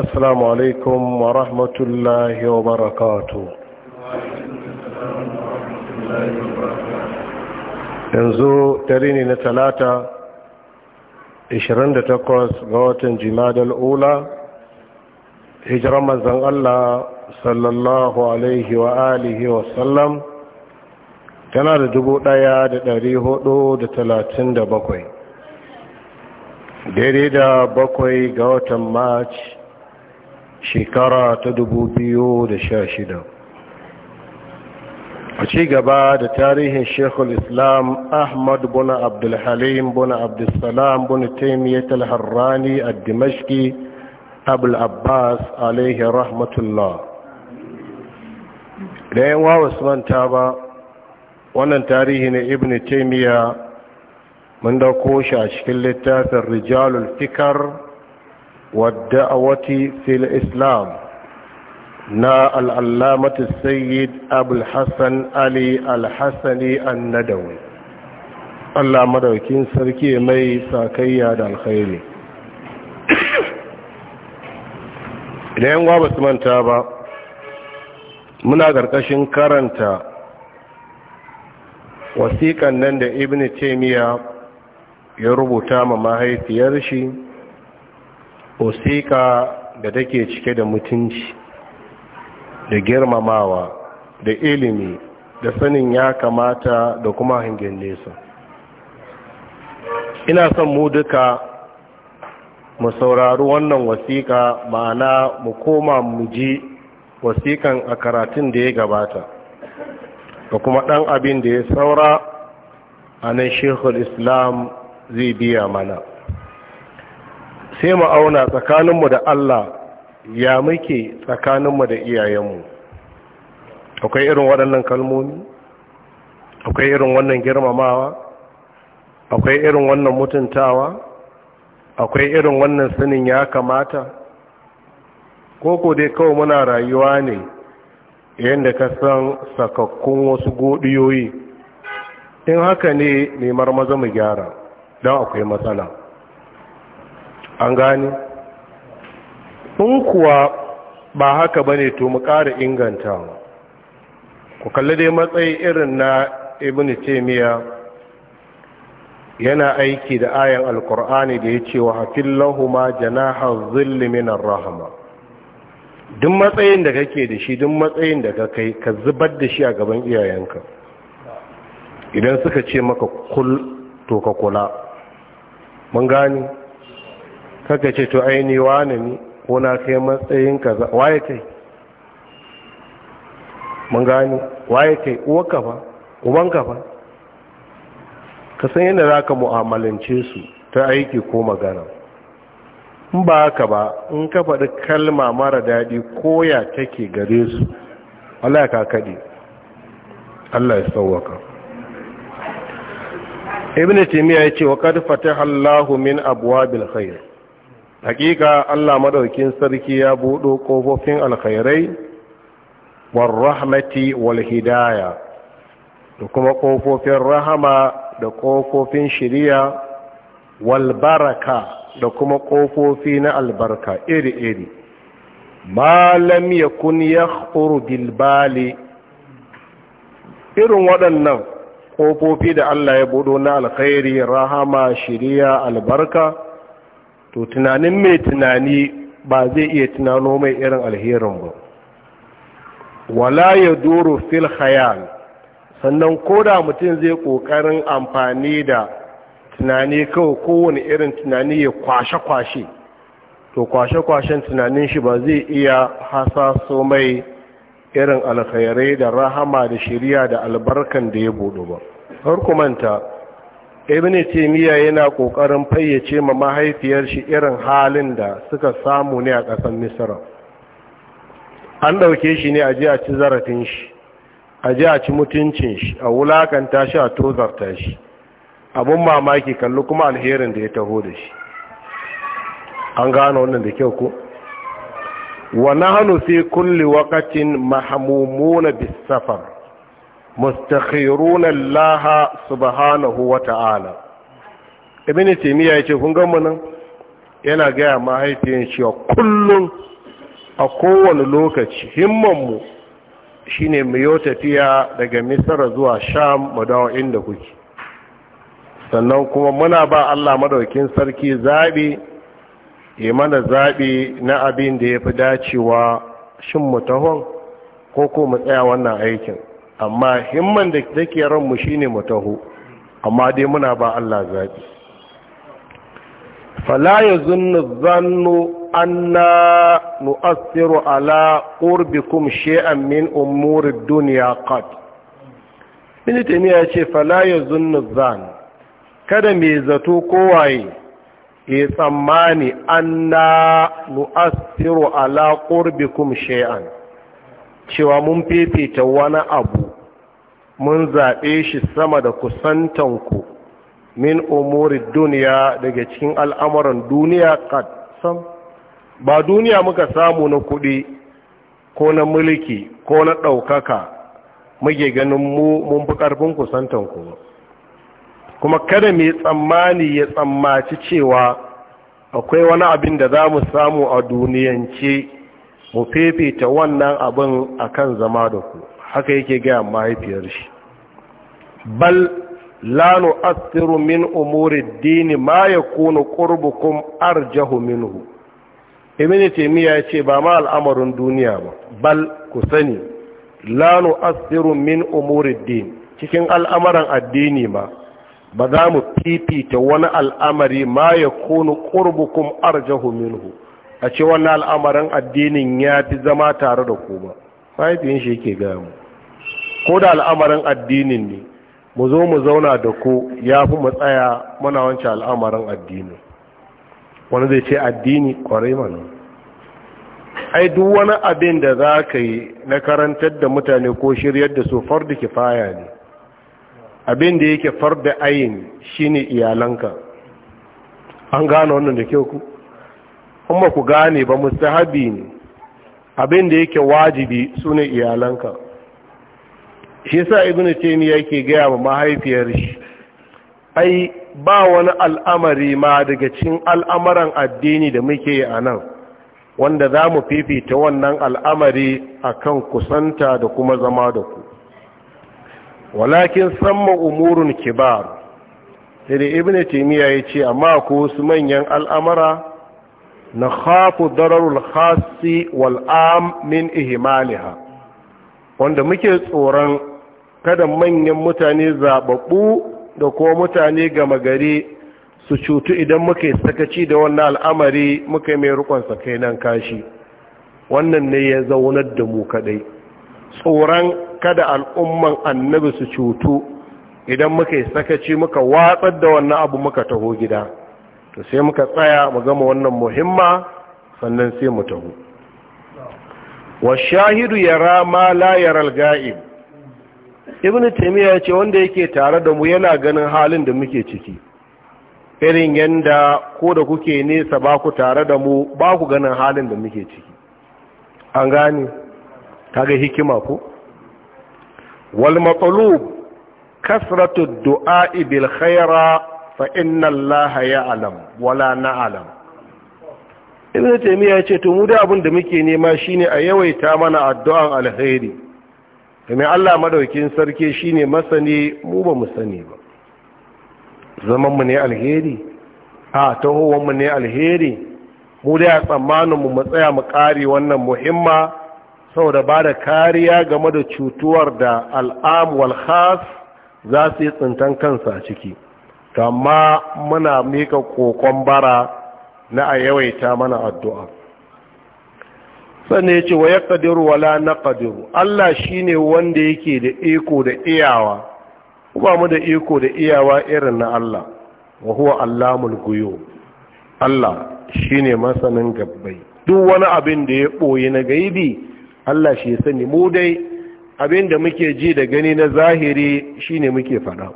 السلام عليكم ورحمة الله وبركاته yanzu dare ne na talata 28 ga watan jimadal ula hijiran manzan Allah sallallahu alaihi wa alihi tana da dubu ɗaya da ɗari hudu da talatin da bakwai daidai da bakwai ga watan march shekara ta da sha shida. a ci gaba da tarihin shekul islam ahmad buna abdulhalim buna abdulsalam buna Taimiyyar talharrani a dimashki abul abbas alaihi rahmatullah da yan wa manta ba wannan tarihi na ibn taimiyya mun ɗauko shi a cikin littafin rijalul fikar والدعوة في الإسلام نا Sayyid السيد Ali الحسن علي الحسني الندوي Allah madaukin sarki mai sakayya da alkhairi idan yan ba su manta ba muna ƙarƙashin karanta wasiƙan nan da ibn taimiyya ya rubuta ma mahaifiyar shi wasiƙa da take cike da mutunci da girmamawa da ilimi da sanin ya kamata da kuma hangen nesa ina son mu duka mu saurari wannan wasiƙa ma'ana mu koma mu ji wasiƙan a karatun da ya gabata da kuma ɗan abin da ya saura a nan shekul islam zai biya mana sai mu auna tsakaninmu da Allah ya muke tsakaninmu da iyayenmu akwai irin waɗannan kalmomi akwai irin wannan girmamawa akwai irin wannan mutuntawa akwai irin wannan sanin ya kamata Ko ko dai kawai muna rayuwa ne yadda ka san sakakkun wasu godiyoyi in haka ne nemar maza mu gyara don akwai matsala an gane in kuwa ba haka ba ne to mu ƙara inganta ku kalli dai matsayi irin na ibn taimiyya yana aiki da ayan alkur'ani da ya ce wa hafin lahuma janaha zilli rahama duk matsayin da kake da shi duk matsayin da ka kai ka zubar da shi a gaban iyayenka idan suka ce maka kul to ka kula mun gani kaka ce to aini wani ne ko na kai matsayin kaza waye kai mun gani waye kai uwarka fa ubanka fa ka san yadda za ka mu'amalance su ta aiki ko magana in ba haka ba in ka faɗi kalma mara daɗi koya take gare su Allah ka kaɗe Allah ya ka. ibn ya ce wa ƙarfata fataha Allahu min abwabil khair hakika Allah madaukin sarki ya buɗo ƙofofin alkhairai war rahmati wal hidaya da kuma ƙofofin rahama da ƙofofin shiriya wal baraka da kuma ƙofofi na albarka iri-iri malam ya yakhuru ya bilbali irin waɗannan ƙofofi da Allah ya buɗo na alkhairi rahama shiriya albarka to tunanin mai tunani ba zai iya tunano mai irin alherin ba wala ya doro fil khayal sannan ko da mutum zai kokarin amfani da tunani kawai kowane irin tunani ya kwashe-kwashe to kwashe-kwashen tunanin shi ba zai iya hasaso mai irin alkhairai da rahama da shirya da albarkan da ya budu ba har manta. ibn taymiya yana kokarin fayyace ma mahaifiyar shi irin halin da suka samu ne a ƙasar misra an dauke shi ne a je a ci zarafin shi a je a ci mutuncin shi a wulakanta shi a tozarta shi abun mamaki kallo kuma alherin da ya taho da shi an gano wannan da kyau ko wa nahnu fi kulli waqtin mahmumuna bis safar mustakhirun Allah subhanahu wa ta'ala ibn taymiya yace kun ga nan yana gaya mahaifiyan cewa kullum a kowane lokaci Himman mu shine mu yo tafiya daga misra zuwa sham mu dawo inda kuke sannan kuma muna ba Allah madaukin sarki zabi ya mana zabi na abin da yafi dacewa shin mu tahon ko ko mu tsaya wannan aikin amma himman da take mu shine mu taho amma dai muna ba Allah zabi fala yazunnu dhannu anna nu'assiru ala qurbikum shay'an min umuri dunya qad bin tamiya ce fala yazunnu zan kada me zato kowaye ya tsammani anna nu'assiru ala qurbikum shay'an cewa mun fefeta wani abu mun zaɓe shi sama da kusantanku min umuri duniya daga cikin al'amuran duniya katsam ba duniya muka samu na kuɗi ko na mulki ko na ɗaukaka muke ganin mu mun fi ƙarfin kusantanku kuma kada mai tsammani ya tsammaci cewa akwai wani abin da za mu samu a duniyance mu fifita wannan abin a kan zama da ku haka yake gaya mahaifiyar shi bal la nu'athiru min umuri dini ma ya yakunu ƙurbukun arjahu minhu ibn taymiya ce ba ma al'amarin duniya ba bal ku sani la nu'athiru min umuri dini cikin al'amaran addini ma ba za mu fifita wani al'amari ma ya yakunu ƙurbukun arjahu minhu a ce wannan al'amarin addinin ya fi zama tare da ku ba shi yake gaya mu ko da al'amarin addinin ne mu zo mu zauna da ku ya fi mu tsaya muna wancan al'amarin addinin wani zai ce addini kwarai mana ai duk wani abin da za ka yi na karantar da mutane ko shiryar da su farda kifaya ne abin da yake far da ayin shine iyalanka an gano wannan da kyau ku in ba ku gane ba mustahabi ne abin da yake wajibi su iyalanka shi sa ibn taymi yake gaya ma mahaifiyar shi ai ba wani al'amari ma daga cikin al'amaran addini da muke a nan wanda za mu fifita wannan al'amari akan kusanta da kuma zama da ku walakin samma umurun kibar sai da ibn taymiya ya ce amma ko su manyan al'amara na khafu dararul khasi wal am min ihmaliha wanda muke tsoron kada manyan mutane zababbu da kuma mutane gama gari su cutu idan muka sakaci da wannan al'amari muka mai rukun kai nan kashi wannan ne ya zaunar da mu kadai tsoron kada al'umman annabi su cutu idan muka sakaci muka watsar da wannan abu muka taho gida to sai muka tsaya mu gama wannan muhimma sannan sai mu taho wa shahidu yara ma la yaral ga'ib ibnu taymiya ce wanda yake tare da mu yana ganin halin da muke ciki irin yanda ko da kuke nesa ba ku tare da mu ba ku ganin halin da muke ciki an gane kaga hikima ko wal matlub kasratu du'a bil khaira fa inna allaha alam wala na alam. taymiya ya ce to mu da abin da muke nema shine a yawaita mana addu'an alheri, kuma Allah madaukin sarki shine masani mu ba mu sani ba zaman mu ne alheri a tahowan mu ne alheri mu da tsammanin mu mu tsaya mu kare wannan muhimma saboda ba da kariya game da cutuwar da al'am wal khas za su yi tsintan kansa a ciki kama muna mika kokon bara na a yawaita mana addu'a sannan ya ce wa ya wala na ƙadiru Allah shi ne wanda yake da iko da iyawa kuma mu da iko da iyawa irin na Allah wa huwa allamul guyo Allah shi ne masanin gabbai duk wani abin da ya ɓoye na gaibi Allah shi sani mu dai abin da muke ji da gani na zahiri shi ne muke faɗa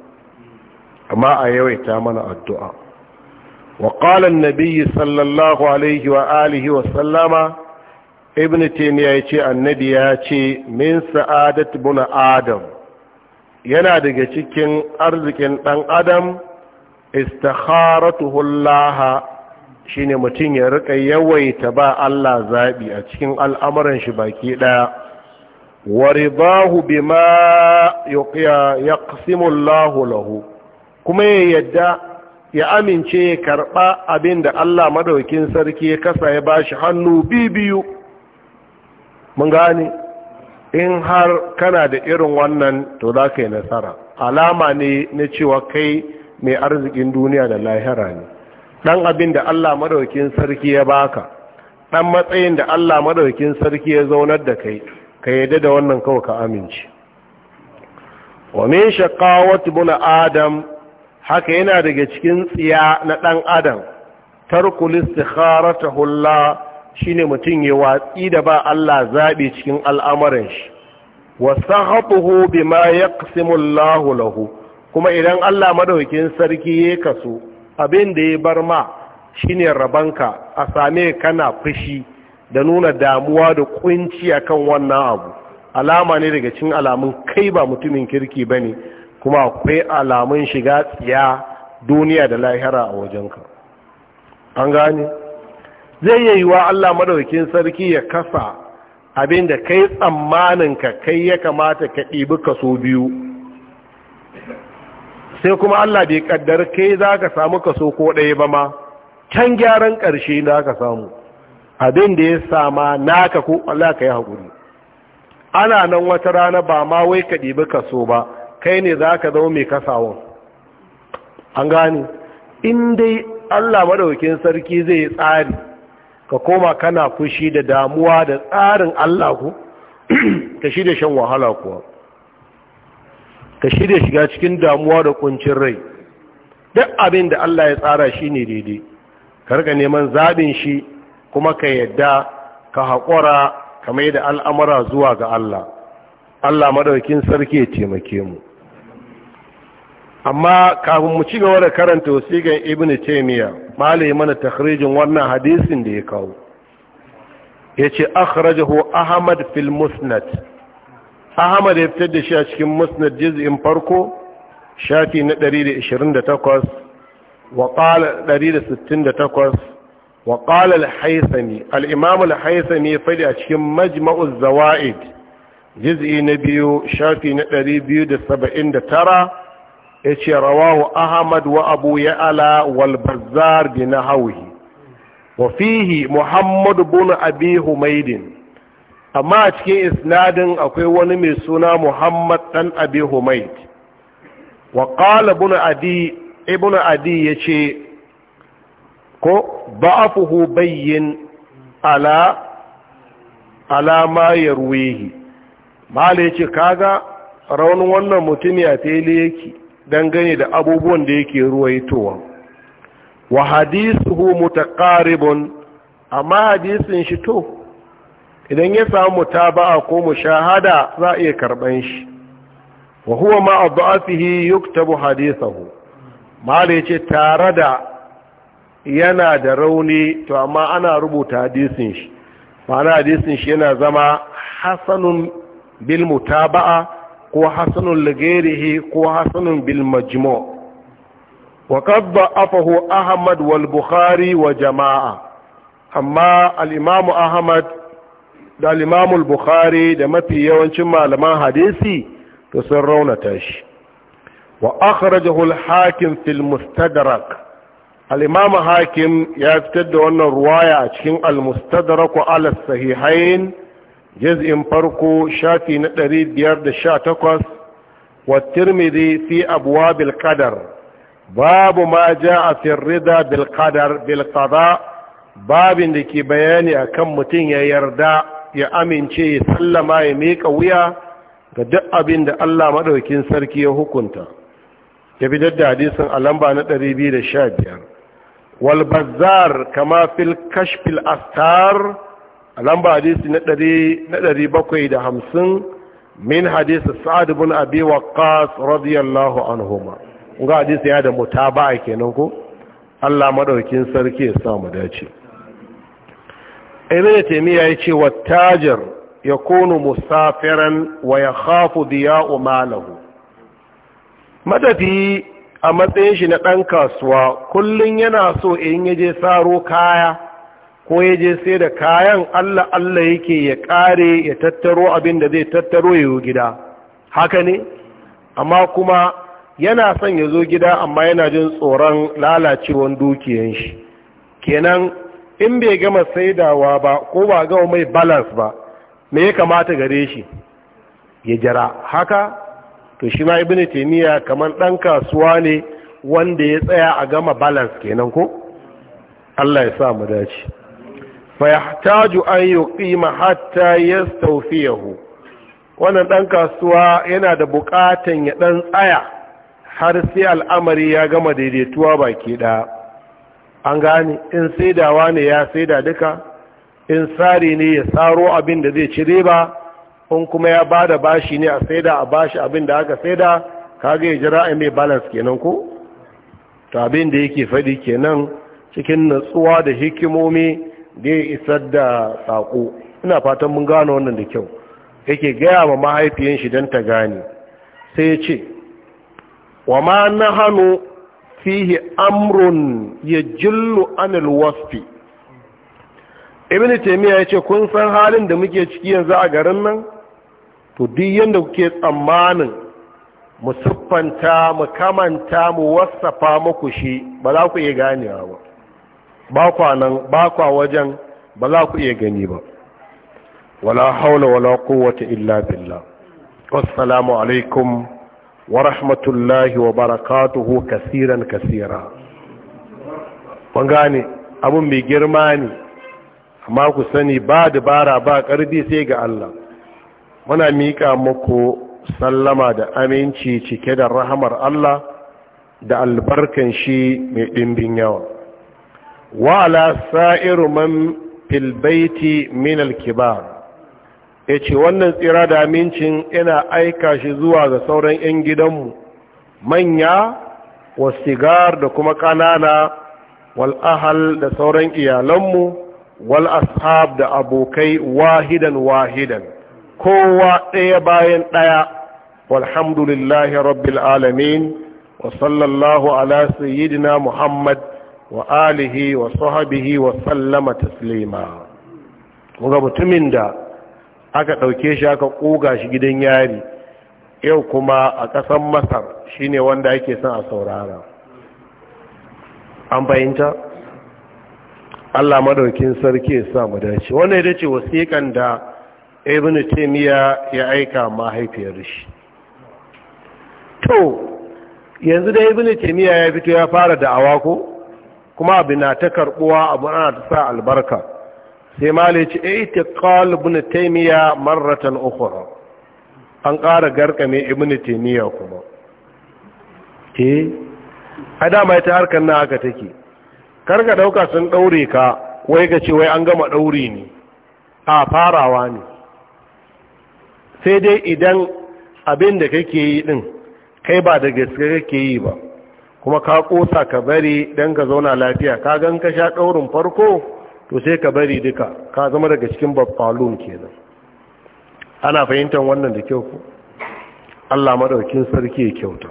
amma a yawaita mana addu'a wa Nabiyyu an-nabi sallallahu alaihi wa alihi wa sallama ibn taymiya yace annabi ya ce min sa'adat ibn adam yana daga cikin arzikin ɗan adam istakharatuhu Allah shine mutum ya rika yawaita ba Allah zaɓi a cikin al'amuran shi baki daya ورضاه بما يقسم lahu lahu. kuma ya yadda ya amince ya karɓa abin da Allah madaukin sarki ya kasa ya shi hannu biyu mun gane in har kana da irin wannan to za ka yi nasara alama ne na cewa kai mai arzikin duniya da lahira ne ɗan abin da Allah madaukin sarki ya baka ɗan matsayin da Allah madaukin sarki ya zaunar da kai ka yadda da wannan kawai ka amince wa min shaqawati buna adam haka yana daga cikin tsiya na ɗan adam tarkul istikharata hulla shine mutum ya watsi da ba Allah zaɓe cikin al'amuran shi wasahatuhu bima yaqsimu Allahu lahu kuma idan Allah madaukin sarki ya kaso abin da ya bar ma shine rabanka a same kana fushi da nuna damuwa da kunci akan wannan abu alama ne daga cikin alamun kai ba mutumin kirki bane kuma akwai alamun shiga tsiya duniya da lahira a wajenka an gane zai yi wa Allah madaukin sarki ya kasa abin da kai tsammanin ka kai ya kamata ka ɗibi kaso biyu sai kuma Allah bai kaddar kai za ka samu kaso ko ɗaya ba ma can gyaran ƙarshe da ka samu abin da ya sama naka ko Allah ka yi haƙuri ana nan wata rana ba ma wai ka ɗibi kaso ba kai ne za ka zama mai kasawan an gani in dai allah maɗaukin sarki zai yi tsari ka koma kana fushi da damuwa da tsarin allah ku ka shi da shan wahala kuwa ka shi da shiga cikin damuwa da kuncin rai duk abin da allah ya tsara shi ne daidai karka neman zaɓin shi kuma ka yadda ka haƙura kamar da al'amura zuwa ga allah allah maɗaukin sarki ya taimake mu amma kafin mu ci gaba da karanta wasiƙan ibn taymiya malai mana takhrijin wannan hadisin da ya kawo yace akhrajahu ahmad fil musnad ahmad ya fitar da shi a cikin musnad juz'in farko shafi na 128 wa qala 168 wa qala al-haythami al-imam al-haythami ya fadi a cikin majma'u zawaid juz'i na biyu shafi na 279 ya ce rawahu ahmad wa abu ya'ala wal bazzar bi hauhi, wa fihi muhammad bin abi humaydin amma a cikin isnadin akwai wani mai suna muhammad dan abi humayd wa qala adi ibn adi yace ko da'afuhu bayyin ala ala ma yarwihi mala yace kaga raunin wannan mutumi a fili yake dangane da abubuwan da yake ruwaitowa wa hadisuhu mutaqaribun amma hadisin shi to idan ya samu mutaba'a ko mushahada za a iya karban shi wa huwa ma adhafihi yuktabu hadithahu mala ce tare da yana da rauni to amma ana rubuta hadisin shi ma'ana hadisin shi yana zama hasanun bil mutaba'a ko hasanun lagairihi ko hasanun bil majmu wa qadda afahu ahmad wal bukhari wa jama'a amma al imamu ahmad da al bukhari da mafi yawancin malaman hadisi to sun raunata shi wa akhrajahu al hakim fil mustadrak al imam hakim ya fitar da wannan ruwaya a cikin al mustadrak wa al sahihain juz'in farko shafi na 518 wa tirmidhi fi abwab al-qadar babu ma jaa fi ar-rida bil qadar bil babin da ke bayani akan mutum ya yarda ya amince ya sallama ya mika wuya ga duk abinda Allah maɗaukin sarki ya hukunta ya fitar da hadisin a lamba na 215 wal bazzar kama fil kashfil astar a lamba hadisi na ɗari bakwai da hamsin min hadisi sa'ad bin abi waqqas radiyallahu anhuma ga hadisi ya da mutaba'a kenan ko Allah madaukin sarki ya sa mu dace ibn taymiya ce wa tajir yakunu musafiran wa yakhafu diya'u malahu madafi a matsayin shi na dan kasuwa kullun yana so in yaje saro kaya ko ya je sai da kayan Allah Allah yake ya kare ya tattaro abin da zai tattaro ya yi gida haka ne amma kuma yana son ya zo gida amma yana jin tsoron lalacewan dukiyan shi kenan in bai gama saidawa ba ko ba gama mai balance ba me ya kamata gare shi ya jira haka to shi ma ibnu taymiya kaman dan kasuwa ne wanda ya tsaya a gama balance kenan ko Allah ya sa mu dace fayahtaju an yuqima hatta yastawfiyahu wannan dan kasuwa yana da bukatan ya dan tsaya har sai al'amari ya gama daidaituwa baki ɗaya. an gane in saidawa ne ya saida duka in tsari ne ya tsaro abin da zai cire ba in kuma ya bada bashi ne a saida a bashi abin da aka saida kaga ya jira mai balance kenan ko to abin da yake faɗi kenan cikin natsuwa da hikimomi da ya isar da saƙo ina fatan mun gano wannan da kyau yake gaya ma mahaifiyan shi don ta gane sai ya ce wa ma na hannu fihi amrun ya jillo anil wasfi ibn taimiyya ya ce kun san halin da muke ciki yanzu a garin nan to duk yadda kuke tsammanin mu siffanta mu kamanta mu wasafa muku shi ba za ku iya ganewa ba ba kwa nan ba wajen ba za ku iya gani ba wala haula wala quwwata illa billah assalamu alaikum wa rahmatullahi wa barakatuhu kasiran kasira kun gane abun mai girma ne amma ku sani ba dabara ba karbi sai ga Allah muna mika muku sallama da aminci cike da rahamar Allah da albarkan shi mai ɗimbin yawa wa'ala sa'iru man filbaiti min من ya ce wannan tsira da amincin ina aika shi zuwa ga sauran 'yan gidanmu manya wa sigar da kuma ƙanana ahal da sauran iyalanmu wal ashab da abokai wahidan wahidan kowa ɗaya bayan ɗaya walhamdulillahi rabbil alamin wa sallallahu ala sayyidina muhammad wa alihi wa sahabihi wa sallama taslima ga mutumin da aka ɗauke shi aka ƙoga shi gidan yari yau kuma a ƙasan masar shine wanda ake son a saurara an fahimta allah madaukin sarki ya sa mu dace wannan ita ce wasiƙan da ibn taimiyya ya aika mahaifiyar shi to yanzu da ibn taimiyya ya fito ya fara da'awa ko kuma abu na ta karbuwa abu ana ta sa albarka sai malici itiqal ibn taymiya marratan ukhra an ƙara garkame ibini taymiya kuma eh a dama ita harkar na haka take karka ɗauka sun daure ka wai ka ce wai an gama daure ne a farawa ne sai dai idan abin da kake yi din kai ba da gaske kake yi ba kuma ka kosa ka bari don ka zauna lafiya ka gan ka sha ɗaurin farko to sai ka bari duka ka zama daga cikin babbalun kenan ana fahimtar wannan da kyau ku Allah madaukin sarki ya kyauta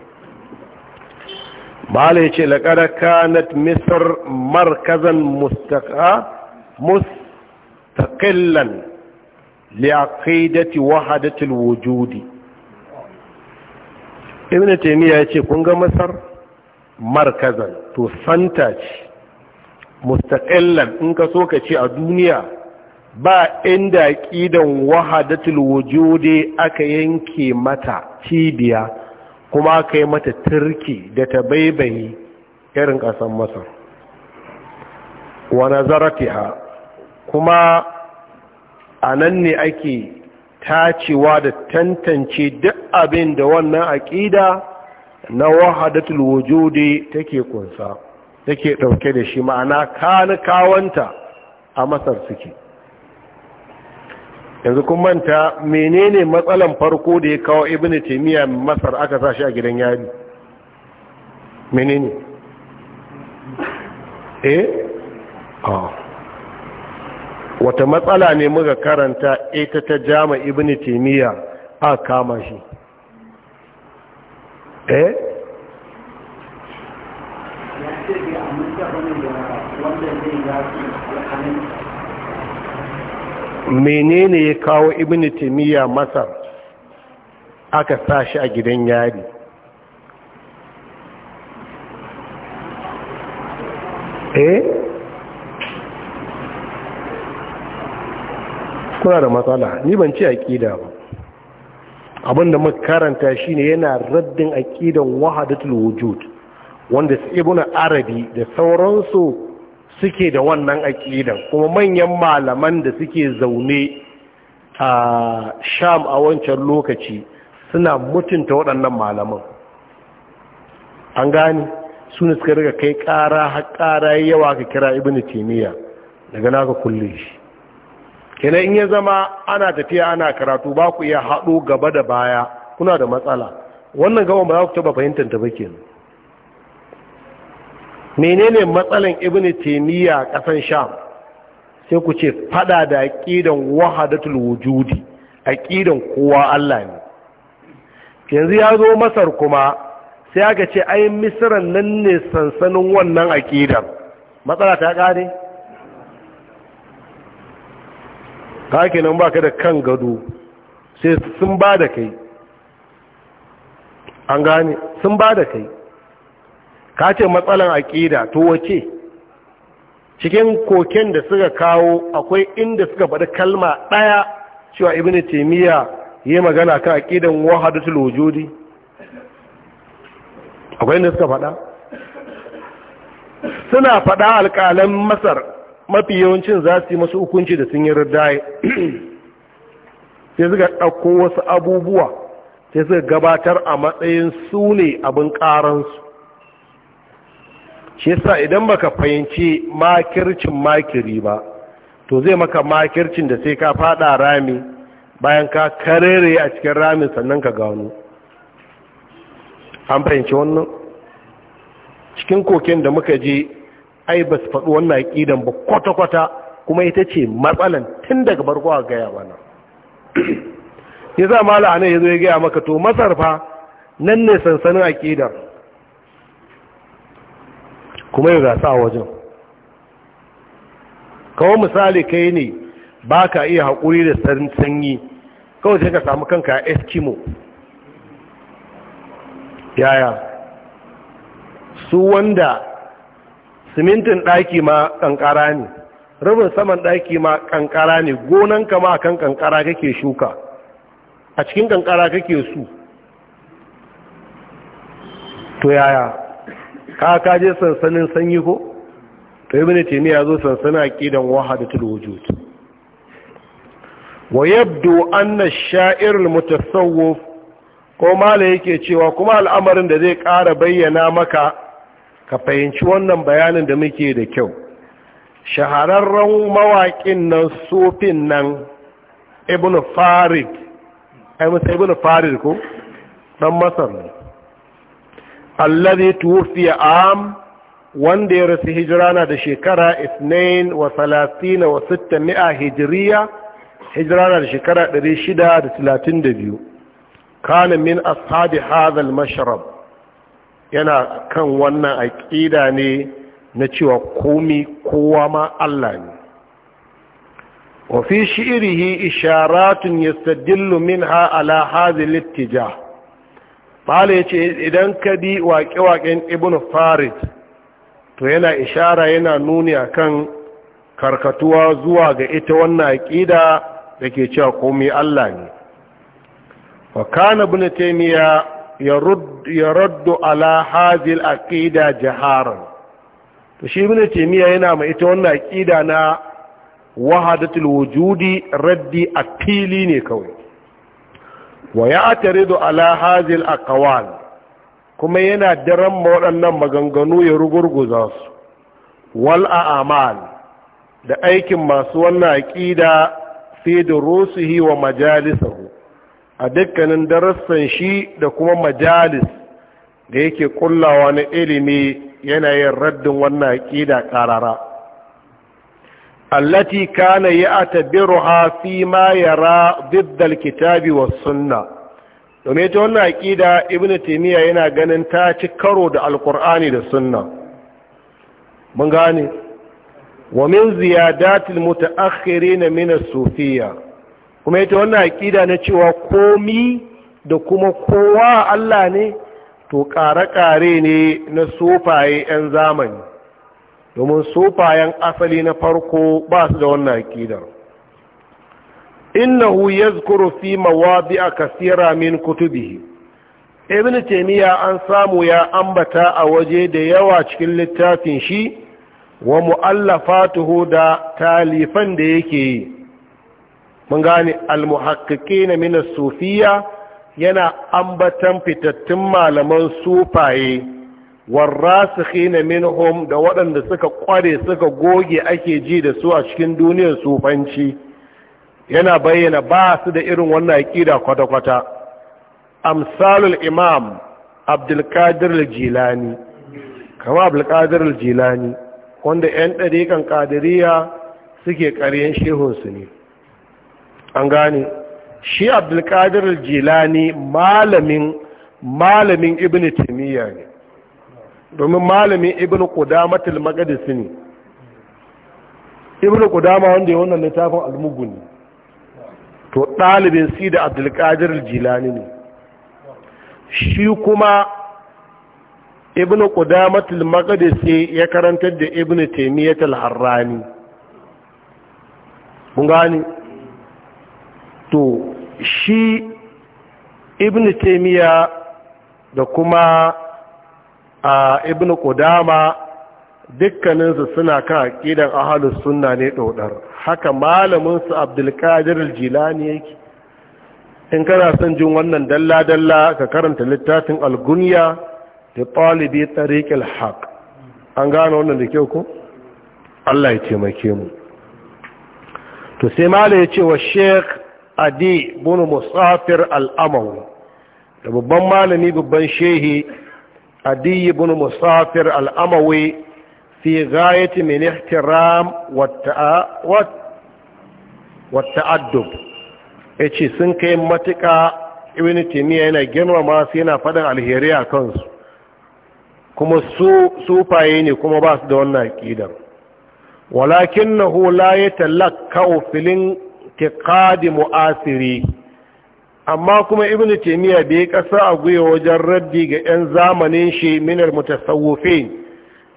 mala ya ce laƙada kanat misar markazan mustaka mustaƙillan liaƙidati wahadatul wujudi ibn taymiya ya ce kun ga masar markazan to santa ce mustaƙillan in ka so ka ce a duniya ba inda ƙidan wahadatul wujudi aka yanke mata cibiya kuma aka yi mata turki da ta baibayi irin ƙasan masar wa ha kuma a nan ne ake tacewa da tantance duk abin da wannan aƙida na wahadatul wujudi take kunsa take dauke da shi ma'ana kana kawanta a masar suke yanzu kun manta menene matsalan farko da ya kawo ibnu taymiya masar aka sa shi a gidan yari menene eh ah wata matsala ne muka karanta ita ta jama ibnu taymiya a kama shi eh menene ya kawo ibn timiya masar aka sa shi a gidan yari eh kuna da matsala ni ban ci aƙida ba abinda muka karanta shine yana raddin aqidan wahadatul wujud wanda ibnu arabi da sauransu suke da wannan aqidan kuma manyan malaman da suke zaune a sham a wancan lokaci suna mutunta waɗannan malaman an gane su ne suka riga kai ƙara har ƙara yawa ka kira ibnu timiya daga naka kulle shi kenan in ya zama ana tafiya ana karatu ba ku iya haɗo gaba da baya kuna da matsala wannan gaban ba za ku taɓa fahimtar ta ba kenan menene matsalan ibn taymiya ƙasan sham sai ku ce fada da aqidan wahadatul wujudi aqidan kowa Allah ne yanzu ya zo masar kuma sai aka ce ai misran nan ne sansanin wannan aqidan matsala ta ƙare ka kenan baka da kan gado sai sun ba da kai an gane sun ba da kai ka ce matsalan aƙida to wace cikin koken da suka kawo akwai inda suka faɗi kalma ɗaya cewa ibn taimiyya yi magana kan aƙidan su lojodi akwai inda suka faɗa suna faɗa alƙalan masar mafi yawancin za su yi masu hukunci da sun yi rudaye sai suka ɗauko wasu abubuwa sai suka gabatar a matsayin su ne abin ƙaransu shi yasa idan baka fahimci makircin makiri ba to zai maka makircin da sai ka fada rami bayan ka karere a cikin ramin sannan ka gano an fahimci wannan cikin koken da muka je ai ba su faɗi wannan aƙidan ba kwata-kwata kuma ita ce matsalan tun daga barko a gaya mana ya za mala a nan ya zo ya gaya maka to masar fa nan ne sansanin aƙidar kuma ya gasa a wajen kawo misali kai ne ba ka iya haƙuri da sanyi kawai sai ka samu kanka a eskimo yaya su wanda simintin ɗaki ma ƙanƙara ne rabin saman ɗaki ma ƙanƙara ne gonan ka ma kan ƙanƙara kake shuka a cikin ƙanƙara kake su to yaya ka kaje sansanin sanyi ko to yi ne ya zo sansanin aqidan wahadatul wujud wa yabdo anna ash-sha'ir al ko mala yake cewa kuma al'amarin da zai ƙara bayyana maka ka fahimci wannan bayanin da muke da kyau shahararren mawaƙin nan sufin nan ibn farid ai ibn farid ko Ɗan masar ne allazi tuwfiya am wanda ya rasu hijira da shekara 2 wa 30 wa 600 hijriya hijira na da shekara 632 kana min ashabi hadha al-mashrab yana kan wannan aƙida ne na cewa komi kowa ma Allah ne wa fi shi'rihi isharatun yastadillu ha ala hadhihi al-ittijah ya ce idan ka bi waƙe-waƙen ibn farid to yana ishara yana nuni kan karkatuwa zuwa ga ita wannan aƙida da ke cewa komi Allah ne wa kana ibn ya raddu ala hazil aqida jaharan to shi ibn taymiya yana mai ita wannan aqida na wahadatul wujudi raddi aqili ne kawai wa ya'taridu ala hazil aqwal kuma yana daren waɗannan maganganu ya rugurguza su wal a'mal da aikin masu wannan aqida fi durusihi wa majalisahu a dukkanin darussan shi da kuma majalis da yake kullawa na ilimi yana yin raddin wannan aƙida ƙarara allati kana ya'tabiruha fi ma yara diddal kitabi wa sunna domin ta wannan aƙida ibn taymiya yana ganin ta ci karo da alkur'ani da sunna mun gane wa min ziyadatil mutaakhirin min as-sufiyya kuma ita wannan aƙida na cewa komi da kuma kowa Allah ne to ƙare-ƙare ne na sofaye 'yan zamani domin sofayen asali na farko ba su da wannan aƙidar innahu yazkuru fi a kasira min kutubihi ibn taymiya an samu ya ambata a waje da yawa cikin littafin shi wa tuho da talifan da yake yi mun gane almuhakkaki na mina sufiya yana ambatan fitattun malaman sufaye warrasuki na minhum da waɗanda suka kware suka goge ake ji da su a cikin duniyar sufanci yana bayyana ba su da irin wannan aƙida kwata-kwata amsalul imam abdulkadir jilani kama abdulkadir jilani wanda 'yan kan ƙadiriya suke ƙaryen shehunsu ne an gane shi abdulkadir jilani malamin malamin ibn timiyya ne domin malamin ibn qudamatul maqdisi ne ibn kudama wanda ya wannan littafin almugun ne to dalibin si da abdulkadir jilani ne shi kuma ibn qudamatul maqdisi ya karantar da ibn timiyyatul harrani mun gane to shi ibn taimiyya da kuma a ibn kudama dukkaninsu suna kan aƙidan ahalus sunna ne ɗaudar haka malaminsu abdulkadir jilani yake in kana son jin wannan dalla-dalla ka karanta littafin algunya da ɗalibi tsariƙil haƙ an gano wannan da kyau ko? Allah ya taimake mu to sai mala ya ce wa sheikh adi bunu musafir al’amau da babban malami babban shehi adi bunu musafir al’amau fi gayati min ihtiram wa Ya ce sun kai matuka ibini timiya yana girmama masu yana faɗin alheri a kansu kuma su sufaye ne kuma ba su da wannan aqidar walakinnahu la yatalakkau filin i'tiqadi mu'asiri amma kuma ibnu taymiya bai kasa a guye wajen raddi ga yan zamanin shi minar mutasawwifin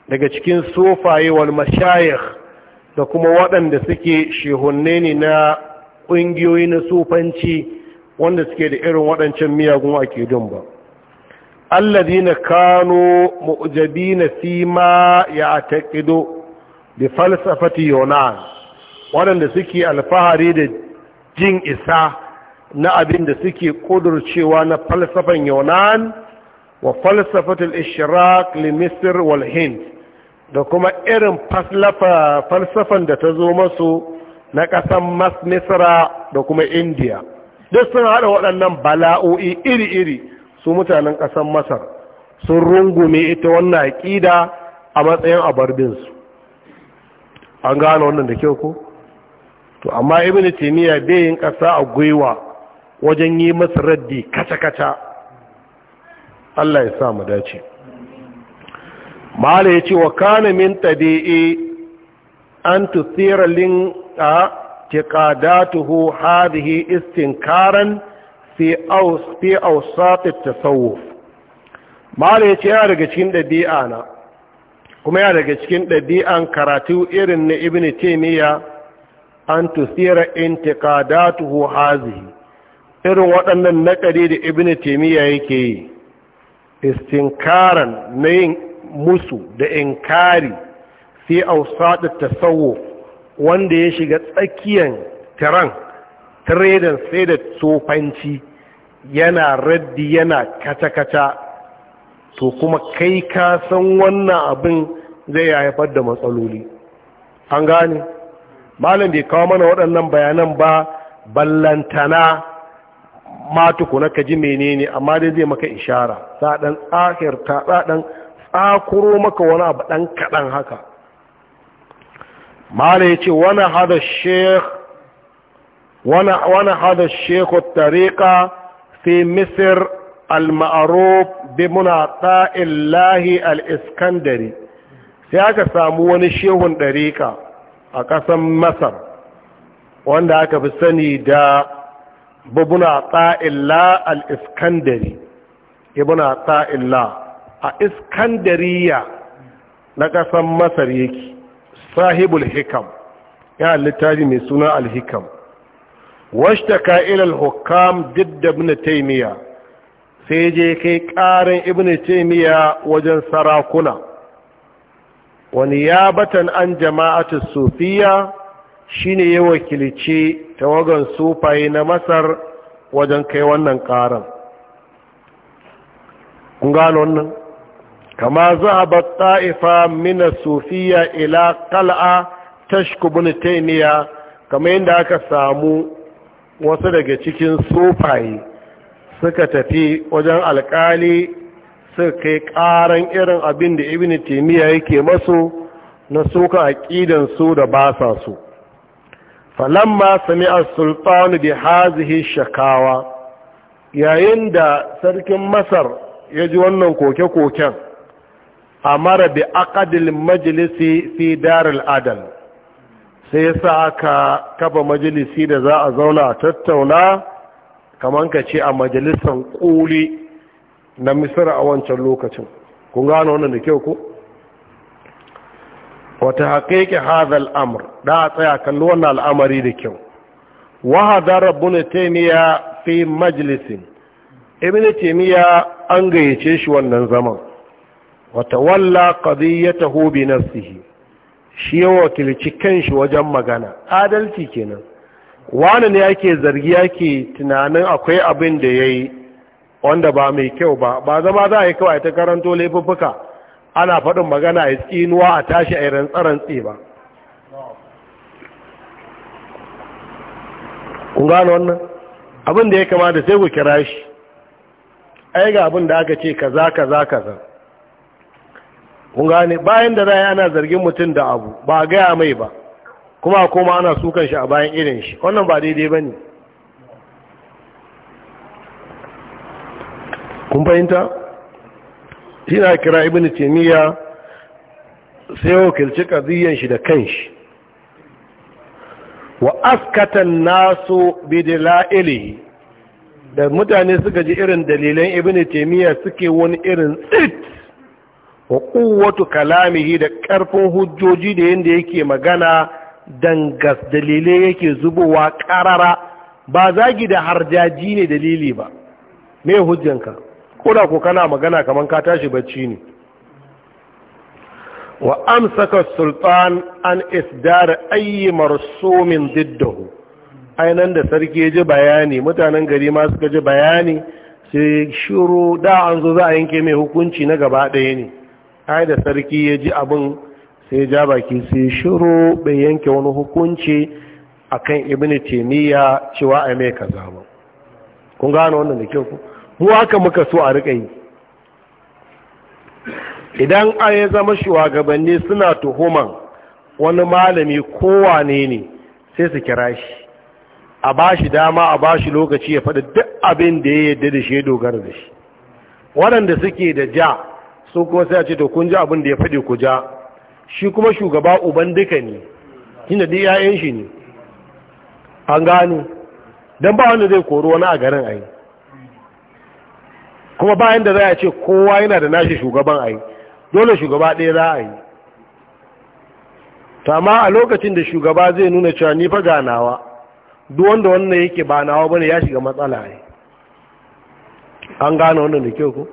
daga cikin sufaye wal mashayikh da kuma waɗanda suke shehunne ne na ƙungiyoyi na sufanci wanda suke da irin waɗancan miyagun akidun ba alladhina kanu mu'jabina fima ya'taqidu bi falsafati yunan waɗanda suke alfahari da jin isa na abin da suke ƙudurcewa na falsafan yunan wa falsafatul ishraq wal hind da kuma irin falsafan da ta zo masu na ƙasan mas da kuma indiya duk sun haɗa waɗannan bala'o'i iri-iri su mutanen ƙasan masar sun rungume ita wannan aƙida a matsayin abarbinsu an gano wannan da kyau ko? to amma ibn taymiya bai yin kasa a gwiwa wajen yi masa raddi kata-kata Allah ya sa mu dace mala yace wa kana min tadi'i an tusira lin a tiqadatuhu hadhihi istinkaran fi aw fi awsat at-tasawuf mala yace ya daga cikin dabi'a na kuma ya daga cikin dabi'an karatu irin na ibn taymiya an tusira intiqadatuhu hazihi irin waɗannan naƙari da ibnu taymiya yake yi istinkaran na musu da inkari fi awsat tasawuf wanda ya shiga tsakiyan tiran tiredan sai da tsofanci yana raddi yana kata-kata to kuma kai ka san wannan abin zai haifar da matsaloli an gane malam bai kawo mana waɗannan bayanan ba ballantana matuku na kaji menene amma dai zai maka ishara za ɗan tsakirta za tsakuro maka wani abu ɗan kaɗan haka malam ya ce wani hada sheikh wani hada sheikh fi al-ma'ruf bi munata al-iskandari sai aka samu wani shehun dariqa a ƙasan masar wanda aka fi sani da bubuna ta'illa al-iskandari ibuna ta'illa a iskandariya na ƙasan masar yake sahibul hikam ya littafi mai suna al-hikam washtaka ilal hukam didda ibn taimiyya sai je kai ƙarin ibn taimiyya wajen sarakuna wani yabatan an jama'atu sufiya shine ya wakilci tawagan sufaye na masar wajen kai wannan karan kun gano wannan kama zahaba ta'ifa min sufiya ila qal'a tashku bin taymiya kamar yadda aka samu wasu daga cikin sufaye suka tafi wajen alkali Sai kai ƙaran irin abin da ibn taimiyya yake masu na suka aƙidan su da ba sa su falamma sami'a sultanu bi hazihi shakawa yayin da sarkin masar ya ji wannan koke-koken amara bi aqdil majlisi fi daril adal sai ya sa aka kafa majalisi da za a zauna a tattauna kamar ka ce a majalisan kuli na misira a wancan lokacin kun gano wannan da kyau ko wata haƙeƙe hazal amur da a tsaya kalli wannan al'amari da kyau wahada na taimiya fi majalisin ibn taimiya an gayyace shi wannan zaman wata walla taho bi sihi shi ya wakilci kanshi wajen magana adalci kenan wani ne yake zargi yake tunanin akwai abin da ya yi. wanda ba mai kyau ba ba zama za a yi kawai ta karanto laifuffuka ana faɗin magana a tsinuwa a tashi a rantsarantse ba Ku gano wannan abin da ya kamata sai ku kira shi ai ga abin da aka ce kaza kaza kaza kun gane bayan da za a yi ana zargin mutum da abu ba a gaya mai ba kuma kuma ana sukan shi a bayan irin shi wannan ba daidai ba ne kun fahimta shi na kira ibn timiya sai wakilci ƙaziyyar shi da kanshi wa askatan nasu ilihi da mutane suka ji irin dalilan ibn timiya suke wani irin tsit wa kowato kalamihi da karfin hujjoji da yadda yake magana dangas dalilai yake zubowa karara ba zagi da harjaji ne dalili ba mai hujjanka ko da ko kana magana kamar ka tashi bacci ne wa amsaka sultan an isdar ayi marsumin diddahu ainihin da sarki ya ji bayani mutanen gari ma suka ji bayani sai shiru da an zo za a yanke mai hukunci na gaba ɗaya ne ai da sarki ya ji abin sai ja baki sai shiru bai yanke wani hukunci akan ibn taymiya cewa ai mai kaza ba kun gano wannan da kyau ku mu haka muka so a riƙa yi idan a ya zama shugabanni suna tuhuman wani malami kowane ne sai su kira shi a ba shi dama a ba shi lokaci ya faɗi duk abin da ya yadda da shi ya dogara da shi waɗanda suke da ja sun kuma sai a ce to kun ji abin da ya faɗi ku ja shi kuma shugaba uban duka ne shine duk 'ya'yan shi ne an gano don ba wanda zai kori wani a garin ayi kuma bayan da za a ce kowa yana da nashi shugaban a yi dole shugaba ɗaya za a yi tama a lokacin da shugaba zai nuna cewa ni fa ganawa duk wanda wannan yake ba nawa bane ya shiga matsala ne an gane wannan da kyau ko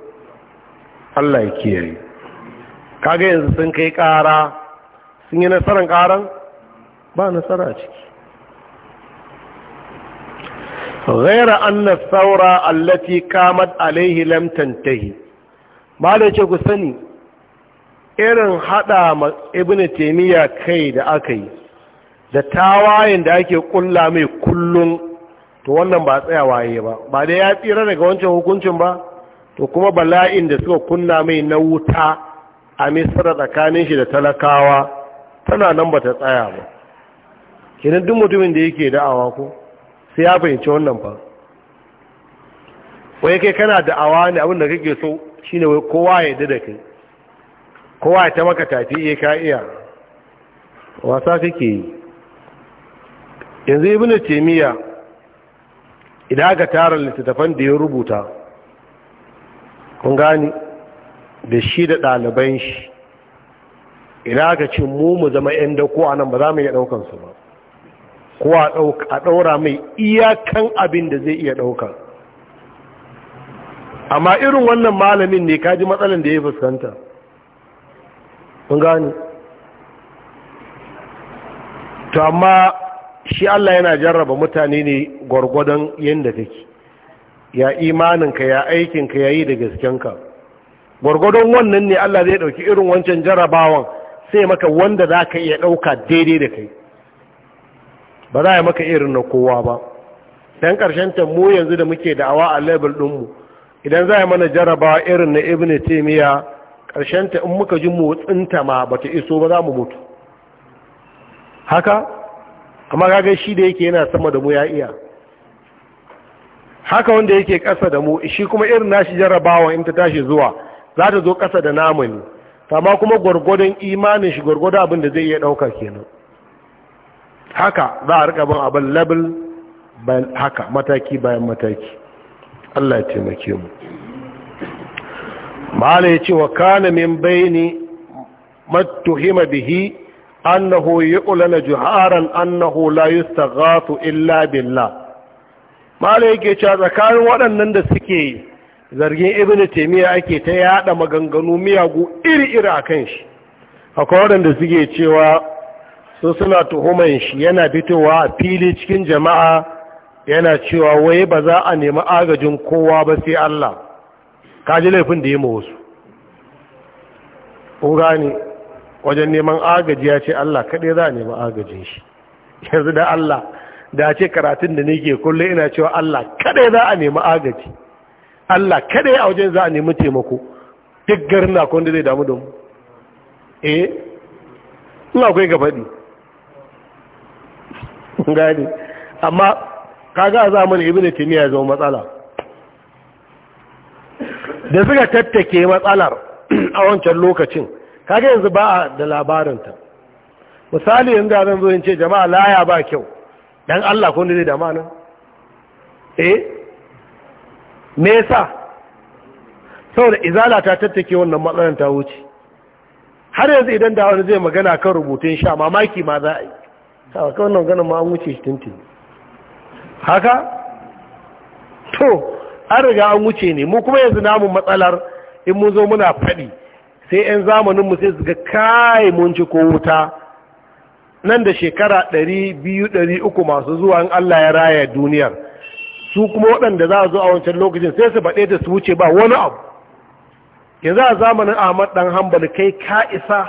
Allah ya kiyaye kaga yanzu sun kai ƙara sun yi nasarar ƙaran ba nasara ciki ghaira anna saura allati kamat alaihi Lamtan, tantahi ba da ce ku sani irin haɗa ma ibnu kai da aka yi da tawayen da ake kulla mai kullum, to wannan ba tsaya waye ba ba da ya tsira daga wancan hukuncin ba to kuma bala'in da suka kunna mai na wuta a misra tsakanin shi da talakawa tana nan ba ta tsaya ba kenan duk mutumin da yake da'awa ko sai ya fahimci wannan fa wai kai kana da awa ne abin da kake so shine wai kowa ya yi da kai kowa ya ta maka tafi iya eh, ka iya wasa kake yi yanzu ibnu temiya idan aka tara littattafan da ya rubuta kun gani da shi da ɗaliban shi idan aka ce mu mu zama 'yan dako a nan ba za mu iya ɗaukansu ba ko a ɗaura mai iyakan abin da zai iya ɗauka amma irin wannan malamin ne kaji matsalan da ya fuskanta mun gani to amma shi Allah yana jarraba mutane ne gwargwadon yadda kake ya imaninka ya aikinka ya yi da gaskenka gwargwadon wannan ne Allah zai ɗauki irin wancan jarrabawan sai maka wanda za ka iya ɗauka daidai da kai ba za a yi maka irin na kowa ba don ƙarshen mu yanzu da muke da'awa a level ɗinmu idan za a yi mana jaraba irin na ibn taimiyya ƙarshen ta in muka ji motsinta ma ba ta iso ba za mu mutu haka amma gaga shi da yake yana sama da mu ya iya haka wanda yake ƙasa da mu shi kuma irin nashi jarabawa in ta tashi zuwa za ta zo ƙasa da namu ne amma kuma gwargwadon imanin shi gwargwadon abin da zai iya ɗauka kenan haka za a rika bin abin labin haka mataki bayan mataki Allah ya taimake mu mala ya ce wa kana min bayni mattuhima bihi annahu yu'lana juharan annahu la yustaghathu illa billah mala yake cewa tsakanin waɗannan da suke zargin ibn taymiya ake ta yada maganganu miyagu iri-iri akan shi akwai waɗanda suke cewa su suna tuhuman shi yana fitowa a fili cikin jama'a yana cewa waye ba za a nemi agajin kowa ba sai Allah ka ji laifin da ya ma wasu ko gani wajen neman agaji ya ce Allah kaɗai za a nemi agajin shi yanzu da Allah da ce karatun da nake kullum ina cewa Allah kaɗai za a nemi agaji Allah kaɗai a wajen za a nemi taimako duk garin na kwanda zai damu da mu eh ina kai ga faɗi gani amma kaga a zamani ibn timiya ya zama matsala da suka tattake matsalar a wancan lokacin kaga yanzu ba a da labarinta misali yanzu da zan zo in ce jama'a laya ba kyau dan Allah kun zai da mana eh me yasa saboda izala ta tattake wannan matsalar ta wuce har yanzu idan da wani zai magana kan rubutun sha mamaki ma za a yi a kawai nan ganin ma wuce shi tintin haka to an riga an wuce ne mu kuma yanzu namun matsalar in mu zo muna faɗi sai 'yan zamaninmu sai su ga kayi mun ci ko wuta nan da shekara ɗari biyu ɗari uku masu zuwa in Allah ya raya duniyar su kuma waɗanda za a zo a wancan lokacin sai su baɗe ta su wuce ba wani abu yanzu a zamanin Ahmad ɗan hambal kai ka isa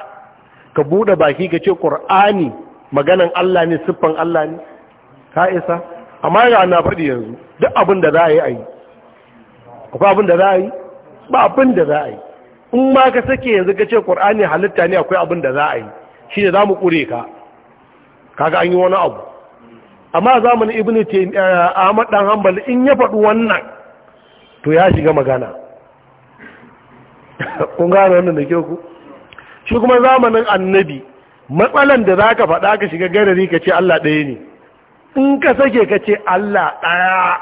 ka buɗe baki ka ce ƙur'ani maganan Allah ne siffan Allah ne ka isa amma ga na faɗi yanzu duk abin da za a yi a yi akwai abin da za a yi ba abin da za a yi in ma ka sake yanzu ka ce ƙur'ani halitta ne akwai abin da za a yi shi ne za mu ƙure ka kaga an yi wani abu amma zamanin ibn eh, ahmad dan hanbal in ya faɗi wannan to ya shiga magana kun gane wannan da ke ku shi kuma zamanin annabi matsalan da za ka faɗa ka shiga garari ka ce Allah ɗaya ne in ka sake ka ce Allah ɗaya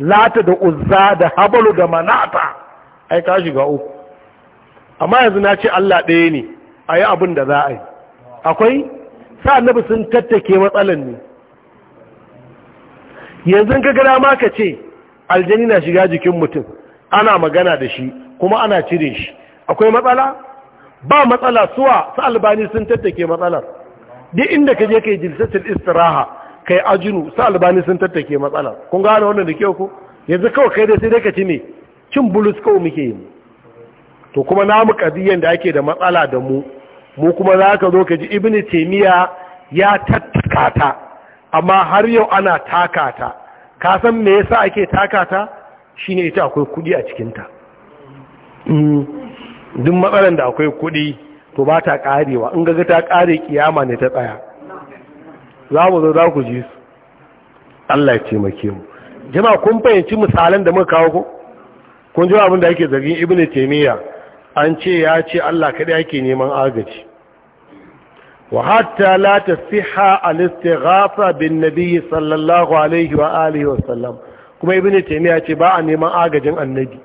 lata da uzza da habalu da manata ai ka shiga uku amma yanzu na ce Allah ɗaya ne a yi abin da za a yi akwai sa annabi sun tattake matsalan ne yanzu ka gada ma ka ce aljani na shiga jikin mutum ana magana da shi kuma ana cire shi akwai matsala ba matsala suwa su albani sun tattake matsalar duk inda ka je kai jilsatul istiraha kai ajinu su albani sun tattake matsalar kun gane wannan da ke ku yanzu kawai kai dai sai dai ka ci ne cin bulus kawai muke yi to kuma namu kadiyan da ake da matsala da mu mu kuma za ka zo ka ji ibnu taymiya ya tattaka ta amma har yau ana taka ta ka san me yasa ake taka ta shine ita akwai kudi a cikin ta hmm. duk matsalan da akwai kuɗi to ba ta karewa, in gaga ta kare kiyama ne ta tsaya za mu zo za ku ji su Allah ya taimake mu jama kun fahimci misalan da muka kawo ko kun ji abin da ake zargin ibnu taymiya an ce ya ce Allah kada yake neman agaji wa hatta la tasihha al-istighatha bin nabiy sallallahu alaihi wa alihi wa sallam kuma ibnu taymiya ce ba a neman agajin annabi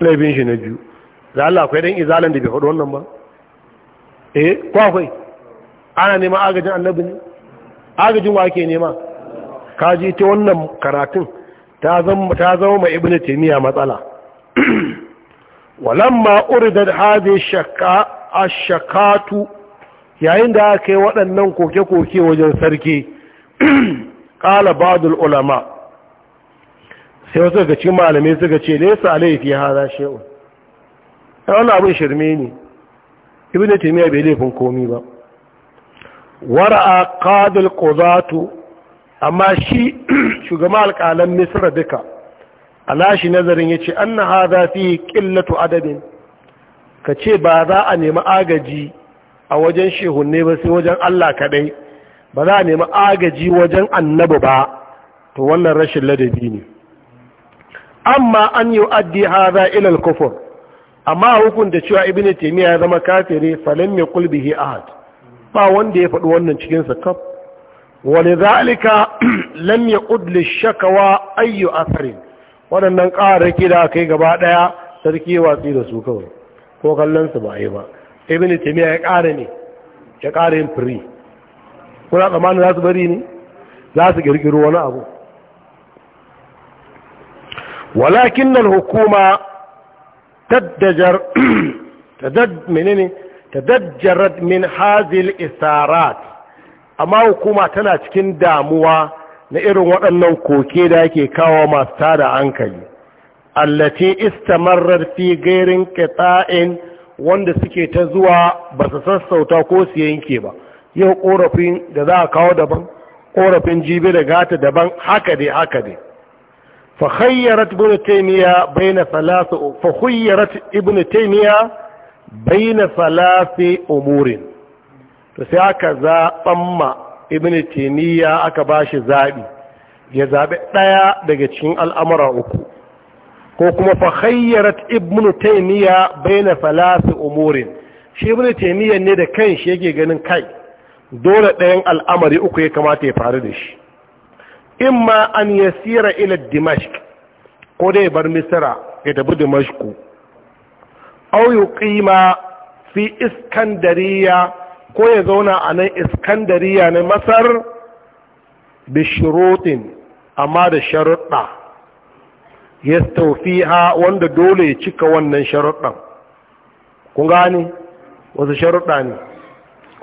laifin shi na biyu da Allah akwai dan izalan da bai faɗo wannan ba eh ko akwai ana neman agajin annabi ne agajin wa ake nema ka ji ta wannan karatun ta zama ta zama ma ibnu taymiya matsala walamma urida hadhi shakka ashakatu shakatu yayin da aka yi waɗannan koke-koke wajen sarki ƙala badul ulama sai wasu daga cikin malamai suka ce nesa alaifi ya hada wani abin shirme ne da taimiyar bai laifin komi ba wara'a kadil kozatu, amma shi shugaban alƙalan misra duka alashi nazarin ya ce, yace anna hadha fi adabin. adadin ce ba za a nemi agaji a wajen shehunne ba sai wajen Allah kadai ba za a nemi agaji wajen annabi ba to wannan rashin ladabi ne amma an yu'addi hadha haza ilal kufur amma hukunta cewa Ibn taymiya ya zama kafiri falam yaqul bihi ahad ba wanda ya faɗi wannan cikin sa kaf walidhalika lam yaqud Shakawa ayyu atharin waɗannan ƙararraki da aka kai gaba ɗaya sarki watsi da su kawai ko kallon su ba a yi ba ibn taymiya ya ƙara ne ya ƙara yin firi kuna tsammanin za su bari ne za su girgiro wani abu walakin nan hukuma taddajar min hazil isarat amma hukuma tana cikin damuwa na irin waɗannan koke da ake kawo masu tada hankali allati istamarrar fi gairin qita'in wanda suke ta zuwa ba su sassauta ko su yanke ba yau korafin da za a kawo daban korafin jibi da gata daban haka dai haka dai فخيرت ابن تيمية بين ثلاث فخيرت ابن تيمية بين ثلاث أمور فسيأك ذا طم ابن تيمية أكباش ذابي يذابي اتايا دقيتشين الأمر أكو كوكما فخيرت ابن تيمية بين ثلاث أمور شي ابن تيمية ne كان شيكي جنن كاي دولة دين الأمر أكو يكما ya imma an yasira ila dimashq ko dai bar misra ya tafi dimashq au yuqima fi iskandariya ko ya zauna a nan iskandariya na masar bishirotin amma da sharuɗa ya ha wanda dole ya cika wannan sharuɗan kun gani wasu sharuɗa ne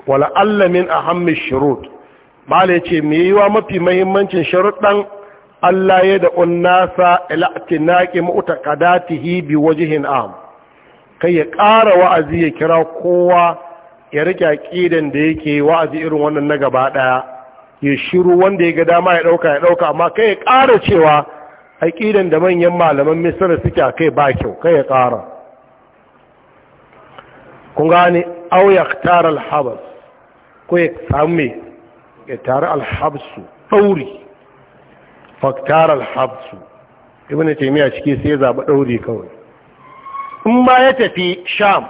wala'alla min ahammin shirut ya ce me yiwa mafi mahimmancin sharuɗan Allah ya da unnasa ilatinaki mu'taqadatihi bi wajhin am kai ya ƙara wa'azi ya kira kowa ya rike aqidan da yake wa'azi irin wannan na gaba daya ya shiru wanda ya ga dama ya ɗauka ya ɗauka amma kai ya ƙara cewa aqidan da manyan malaman Misr suke kai ba kyau kai ya ƙara kun gane aw habas ko ya samu ya tare alhabsu ɗauri faktar alhabsu ibn taimiyya ciki sai ya zaɓi ɗauri kawai in ba ya tafi sham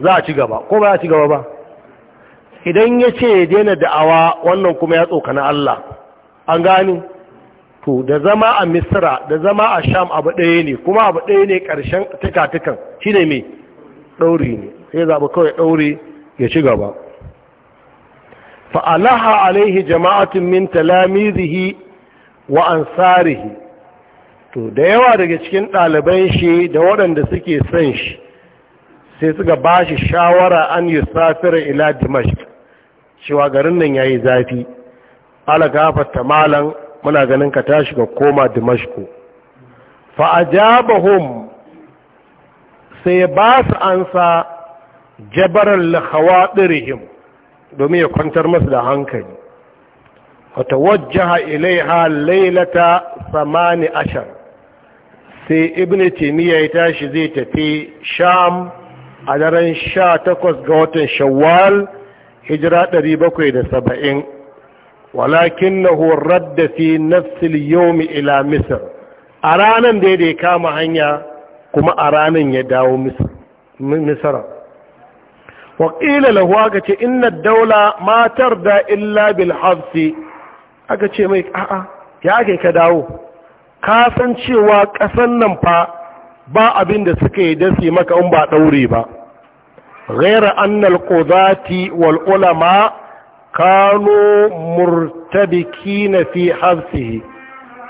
za a ci gaba ko ba ya ci gaba ba idan ya ce ya daina da'awa wannan kuma ya tsokana Allah an gani to da zama a misra da zama a sham abu ɗaya ne kuma abu ɗaya ne ƙarshen tukatukan shi ne mai ɗauri ne sai zaɓi kawai ɗauri ya ci gaba fa'alaha alaihi jama'atun من تلاميذه wa ansarihi to da yawa daga cikin ɗaliban shi da waɗanda suke son shi sai suka ba shi shawara an yi safira ila dimashq cewa garin nan yayi zafi ala gafarta malan muna ganin ka tashi ga koma dimashq fa ajabahum sai ba su ansa jabaral khawadirihim domin ya kwantar masu da hankali wata ilai ilaiha lailata samani ashar sai ibn timiya ya tashi zai tafi sham a daren sha takwas ga watan shawwal hijira ɗari bakwai da saba'in walakin na horar da fi nafsil yomi ila misir a ranar da ya kama hanya kuma a ranar ya dawo misira waƙila lahu aka ce inna daula matar da illa bil aka ce mai a'a ya ake ka dawo ka san cewa ƙasan nan fa ba abin da suka yi dasi maka in ba ɗaure ba ghaira annal qudati wal'ulama, kano kanu murtabikina fi hafsihi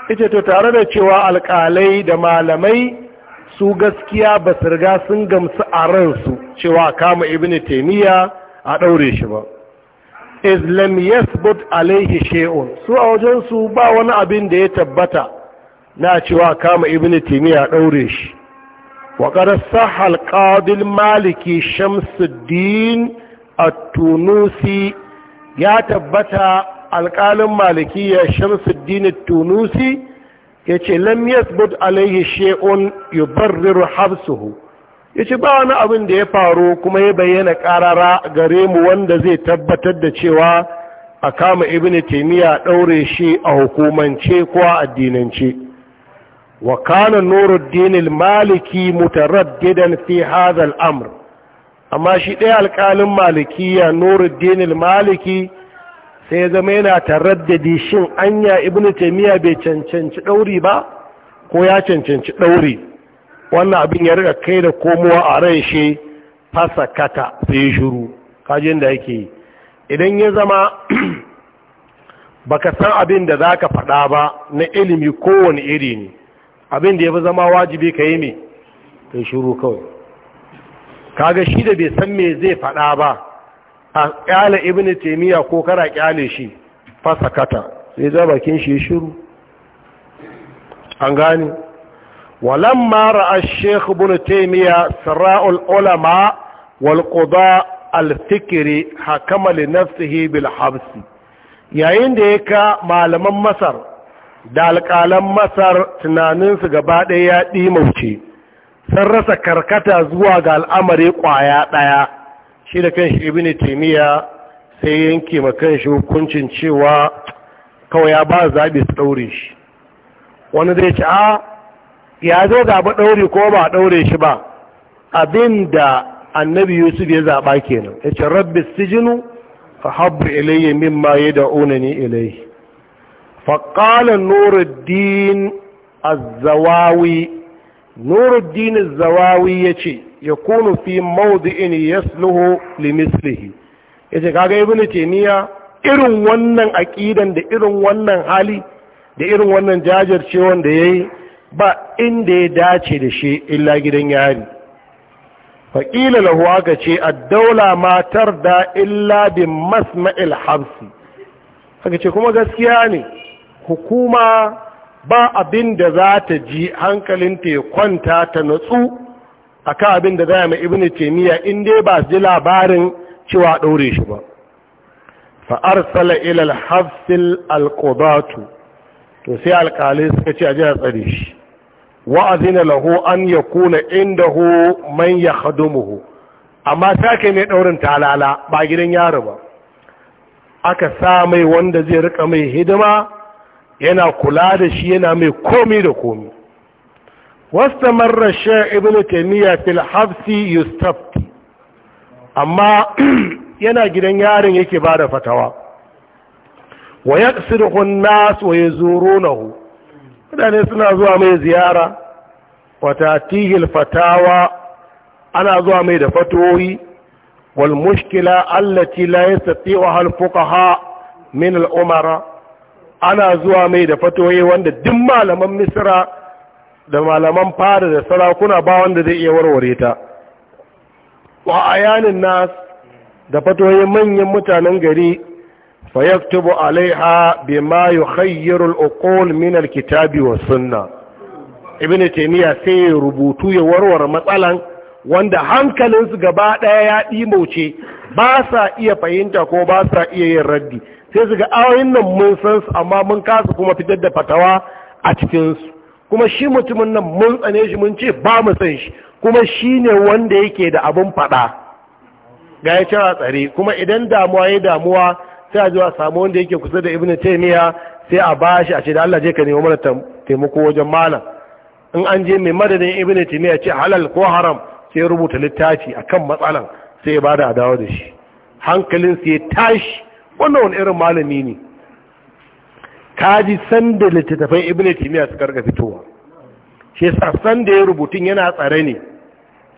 ita to tare da cewa alƙalai da malamai su gaskiya ba riga sun gamsu a ransu cewa kama ibn taimiyya a ɗaure shi ba islam yasbut alaihi she'un su a wajen su ba wani abin da ya tabbata na cewa kama ibn taimiyya a ɗaure shi waƙar sahal ƙadil maliki shamsuddin a tunusi ya tabbata alƙalin ya shamsuddin tunusi ya ce lam yasbut alaihi she'un yubarriru habsuhu ya ce ba wani abin da ya faru kuma ya bayyana ƙarara gare mu wanda zai tabbatar da cewa a kama ibini taimiyya ɗaure shi a hukumance ko a addinance wa kana nuruddin maliki mutaraddidan fi hadha amr amma shi ɗaya alkalin malikiya nuruddin maliki sai ya zama yana taraddadi shin anya Ibn taimiyya bai cancanci ɗauri ba ko ya cancanci ɗauri wannan abin ya rika kai da komowa a ran shi fasa kata sai ya shuru kajin da yake idan ya zama baka san abin da za ka faɗa ba na ilimi kowane iri ne abin da ya fi zama wajibi ka yi mai ka shuru kawai kaga shi da bai san me zai faɗa ba a ƙyale ibn taimiyya ko kara ƙyale shi fasa kata sai za bakin shi ya shuru an gani. ولما رأى الشيخ ابن تيمية سراء العلماء والقضاء الفكري حكم لنفسه بالحبس yayin da ya ka malaman masar da alƙalan masar tunaninsu gaba ɗaya ya ɗimauce sun rasa karkata zuwa ga al'amari ƙwaya ɗaya shi da kan shi ibini taimiyya sai yanke ma kanshi hukuncin cewa kawai ya ba zaɓi su shi wani zai ce ya zai zaɓi ɗaure ko ba ɗaure shi ba abin da annabi yusuf ya zaɓa kenan ya ce rabbi sijinu fa habbu ilayya mimma ya da'una ni ilayya fa qala nuruddin az-zawawi nuruddin az-zawawi yace yakunu fi mawdi'in yasluhu li mislihi yace kaga ibnu taymiya irin wannan aqidan da irin wannan hali da irin wannan jajircewan da yayi ba inda ya dace da shi illa gidan yari faƙila lahu aka ce a daula matar da illa bin masma'il hamsi aka ce kuma gaskiya ne hukuma ba abin da za ta ji hankalinta ya kwanta ta natsu a kan abin da za a mai ibni taimiyya inda ba su ji labarin cewa ɗaure shi ba fa'ar sala ilal hafsil alƙobatu to sai alƙalai suka ce a ji a tsare shi wa azina lahu an yakuna indahu man yakhdumuhu amma sake ne daurin talala ba gidan yaro ba aka sa mai wanda zai rika mai hidima yana kula da shi yana mai komi da komi wastamarra shay ibnu taymiya fil hafsi yustafti amma yana gidan yarin yake bada fatawa wa yaqsidu an mutane suna zuwa mai ziyara wata tihil fatawa ana zuwa mai da fatoyi wal mushkila allati la yastati'uha hal fuqaha min al umara ana zuwa mai da fatoyi wanda duk malaman misra da malaman fara da sarakuna ba wanda zai iya warware ta wa ayanin nas da fatoyi manyan mutanen gari فيكتب عليها بما يخير الأقول من الكتاب والسنة ابن تيمية سي ربوتو يورور مثلا wanda hankalinsu gaba ɗaya ya ɗimauce ba sa iya fahimta ko ba sa iya yin raddi sai su ga ayoyin nan mun san su amma mun kasa kuma fitar da fatawa a cikinsu kuma shi mutumin nan mun tsane shi mun ce ba mu san shi kuma shi ne wanda yake da abin faɗa ga ya cira tsare kuma idan damuwa ya damuwa sai a zuwa samu wanda yake kusa da Ibn taymiya sai a bashi a ce da Allah je ka nemi mana taimako wajen malam in an je mai madadin Ibn taymiya ce halal ko haram sai ya rubuta littafi kan matsalan sai ya bada adawa da shi hankalin sai ya tashi wannan wani irin malami ne kaji san da littattafan Ibn taymiya suka rika fitowa shi yasa san da ya rubutun yana tsare ne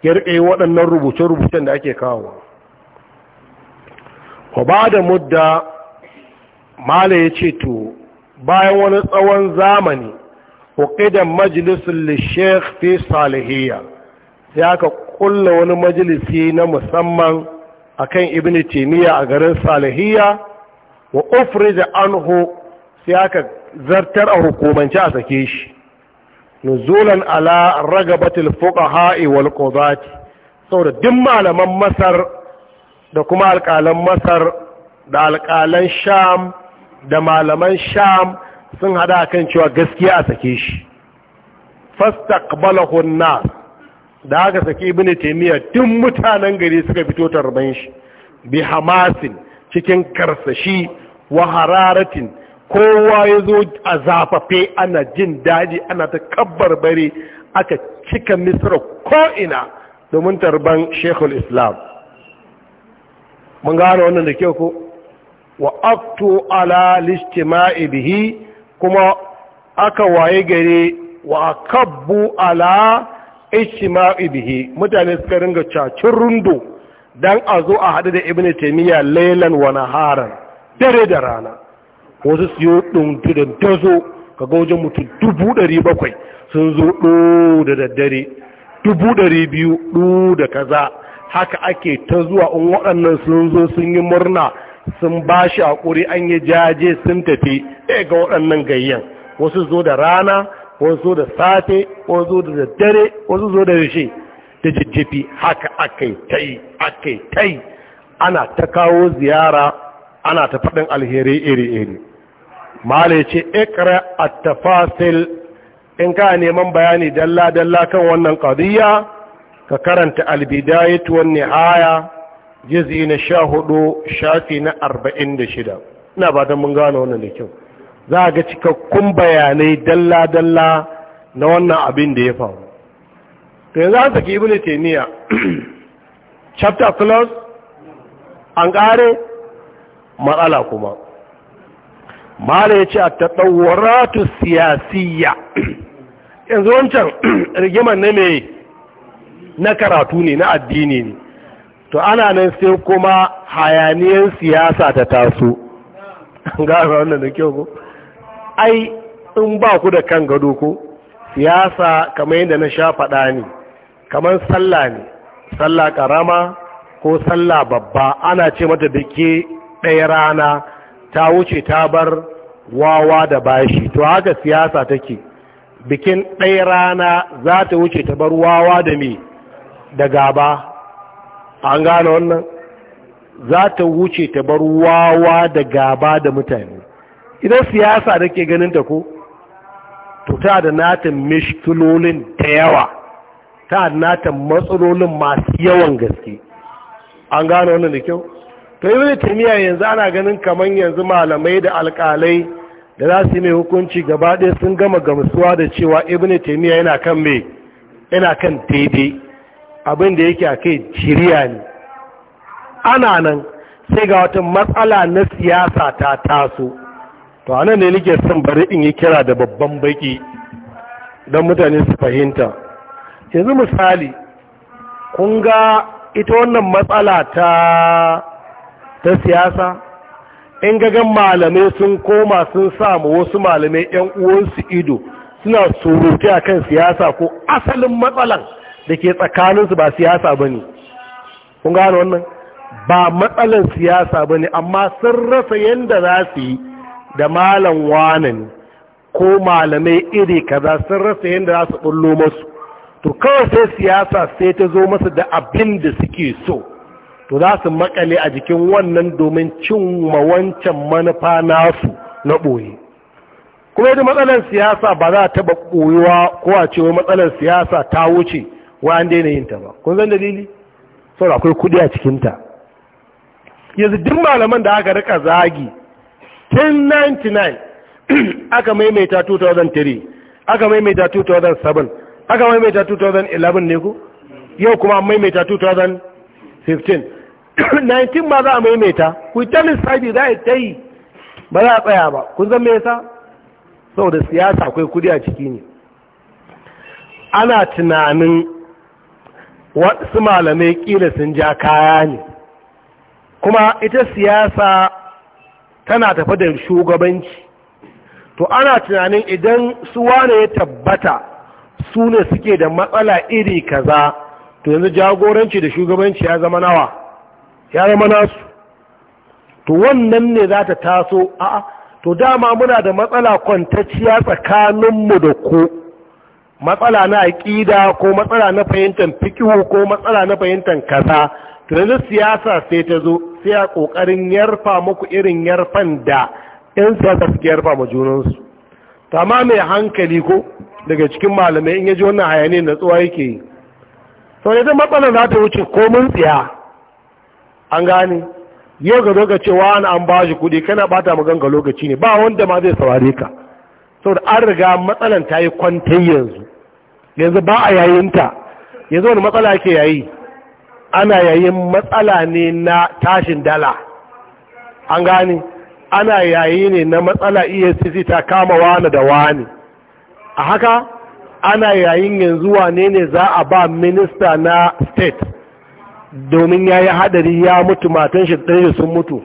ya rike waɗannan rubuce-rubucen da ake kawo ko ba da mudda mala ya ce to bayan wani tsawon zamani uqidan majalisun lishek fi salihiyya sai aka kulla wani majalisi na musamman akan ibn taymiya a garin salihiyya wa da anhu sai aka zartar a hukumance a sake shi nuzulan ala ragabatil fuqaha wal sau da duk malaman masar da kuma alƙalan masar da alƙalan sham da malaman sham sun hada kan cewa gaskiya a sake shi fastaqbalahu nas da aka saki ibnu taymiya tun mutanen gari suka fito tarban shi bi hamasin cikin karsashi wa hararatin kowa ya zo a zafafe ana jin daji ana ta kabbar bare aka cika misra ko'ina domin tarban shekul islam mun gano wannan da kyau ko wa aktu ala listima'i bihi kuma aka waye gare wa kabbu ala istima'i bihi mutane suka ringa cacin rundo dan a zo a haɗu da ibnu taymiya laylan wa naharan dare da rana ko su yi ɗuntu da dazo ka ga wajen mutu dubu ɗari bakwai sun zo ɗo da daddare dubu ɗari biyu ɗo da kaza haka ake ta zuwa in waɗannan sun zo sun yi murna sun ba shi a haƙuri an yi jaje sun tafi ɗaya ga waɗannan gayyan wasu zo da rana wasu zo da safe wasu zo da daddare wasu zo da rishe da jijjifi haka ta yi aka yi ta yi ana ta kawo ziyara ana ta faɗin alheri iri-iri malai ce ikra at-tafasil in ka neman bayani dalla-dalla kan wannan qadiyya ka karanta albidayatu wan nihaya juz'i na sha hudu shafi na arba'in da shida. ina ba mun gano wannan da kyau za ga cikakkun bayanai dalla dalla na wannan abin da ya faru to yanzu an saki ibnu taymiya chapter close an kare matsala kuma mala ya ce a taɗawaratu siyasiyya yanzu wancan rigimar na mai na karatu ne na addini ne to ana nan sai kuma hayaniyar siyasa ta taso gara wannan da kyau ko ai in ba ku da kan gado ko siyasa kamar yadda na sha faɗa ne kamar sallah ne sallah karama ko sallah babba ana ce mata da ke ɗaya rana ta wuce ta bar wawa da bashi to haka siyasa take bikin ɗaya rana za ta wuce ta bar wawa da me da gaba an gane wannan za ta wuce ta bar wawa da gaba da mutane idan siyasa da ke ganin ta ko to ta da nata mishkilolin ta yawa ta da nata matsalolin masu yawan gaske an gane wannan da kyau Ta yi taimiyya yanzu ana ganin kamar yanzu malamai da alkalai da za su yi mai hukunci gaba ɗaya sun gama gamsuwa da cewa ibn taimiyya yana kan mai yana kan daidai abin da yake a kai shirya ne ana nan sai ga wata matsala na siyasa ta taso to ana ne nake son bari in yi kira da babban baki don mutane su fahimta yanzu misali kun ga ita wannan matsala ta ta siyasa in gagan malamai sun koma sun samu wasu malamai 'yan uwansu ido suna surutu a kan siyasa ko asalin matsalan da ke tsakaninsu ba siyasa ba ne kun gano wannan ba matsalin siyasa ba ne amma sun rasa yadda za su yi da malam wane ne ko malamai iri kaza sun rasa yadda za su ɓullo masu to kawai sai siyasa sai ta zo masu da abin da suke so to za su makale a jikin wannan domin cin wancan manufa nasu na ɓoye kuma yadda matsalar siyasa ba za ta taɓa ɓoyewa ko a cewa matsalar siyasa ta wuce wa an daina yin ta ba kun san dalili saboda akwai kudi a cikin ta yanzu duk malaman da aka rika zagi 1099 aka maimaita 2003 aka maimaita 2007 aka maimaita 2011 ne ku yau kuma maimaita 2015 19 ma za a maimaita ku ta lissafi za a ta yi ba za a tsaya ba kun zan Sau da siyasa akwai kudi a ciki ne ana tunanin wasu malamai kila sun ja kaya ne kuma ita siyasa tana tafi da shugabanci to ana tunanin idan su wane ya tabbata su ne suke da matsala iri kaza to yanzu jagoranci da shugabanci ya zama nawa ya zama nasu to wannan ne za ta taso a to dama muna da matsala kwantacciya tsakaninmu da ku matsala na aƙida ko matsala na fahimtar fikihu ko matsala na fahimtar kaza to siyasa sai ta zo sai a ƙoƙarin yarfa muku irin yarfan da 'yan siyasa suke yarfa ma junansu ta ma mai hankali ko daga cikin malamai in ya ji wannan hayaniyar na tsuwa yake yi sau da matsalar za ta wuce mun tsiya an gane yau ga zoga cewa an an bashi kuɗi, kana bata maganka lokaci ne ba wanda ma zai saurare ka sau da an riga matsalar ta yi kwantai yanzu yanzu ba a yayinta yanzu wani matsala ke yayi ana yayin matsala ne na tashin dala an gani ana yayi ne na matsala efcc ta kama wani da wani a haka ana yayin yanzu wane ne za a ba minista na state domin ya yi hadari ya mutu matan shi ɗaya sun mutu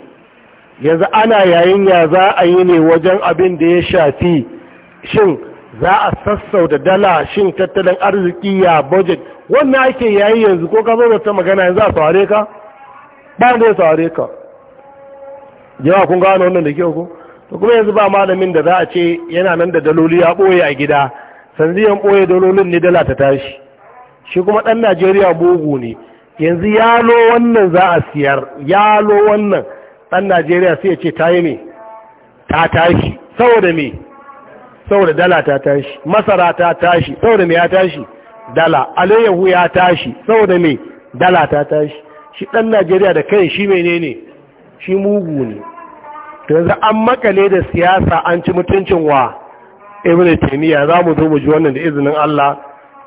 yanzu ana yayin ya za a yi ne wajen abin da ya shafi shin za a sassau da dala shin tattalin arziki ya budget wannan ake yayi yanzu ko ka zo da ta magana yanzu a saware ka ba da ya saware ka yawa kun gano wannan da kyau ko to kuma yanzu ba malamin da za a ce yana nan da daloli ya boye a gida sanziyan boye dalolin ne dala ta tashi shi kuma dan Najeriya bugu ne yanzu yalo wannan za a siyar yalo wannan dan Najeriya sai ya ce ta yi me ta tashi saboda me saboda dala ta tashi masara ta tashi saboda me ya tashi dala alayyahu ya tashi saboda me dala ta tashi shi dan Najeriya da kai shi menene shi mugu ne To yanzu an makale da siyasa an ci mutuncin wa Ibn taymiya za mu zo mu ji wannan da izinin Allah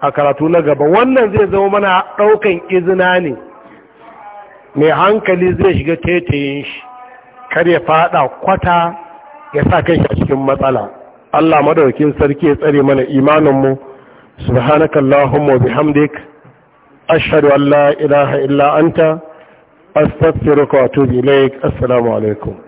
a karatu na gaba wannan zai zama mana daukan izina ne mai hankali zai shiga tetayin shi kar ya fada kwata ya sa shi a cikin matsala Allah madaukin sarki ya tsare mana imaninmu subhanakallahumma wa bihamdik ashhadu an la ilaha illa anta astaghfiruka wa atubu ilaik assalamu alaikum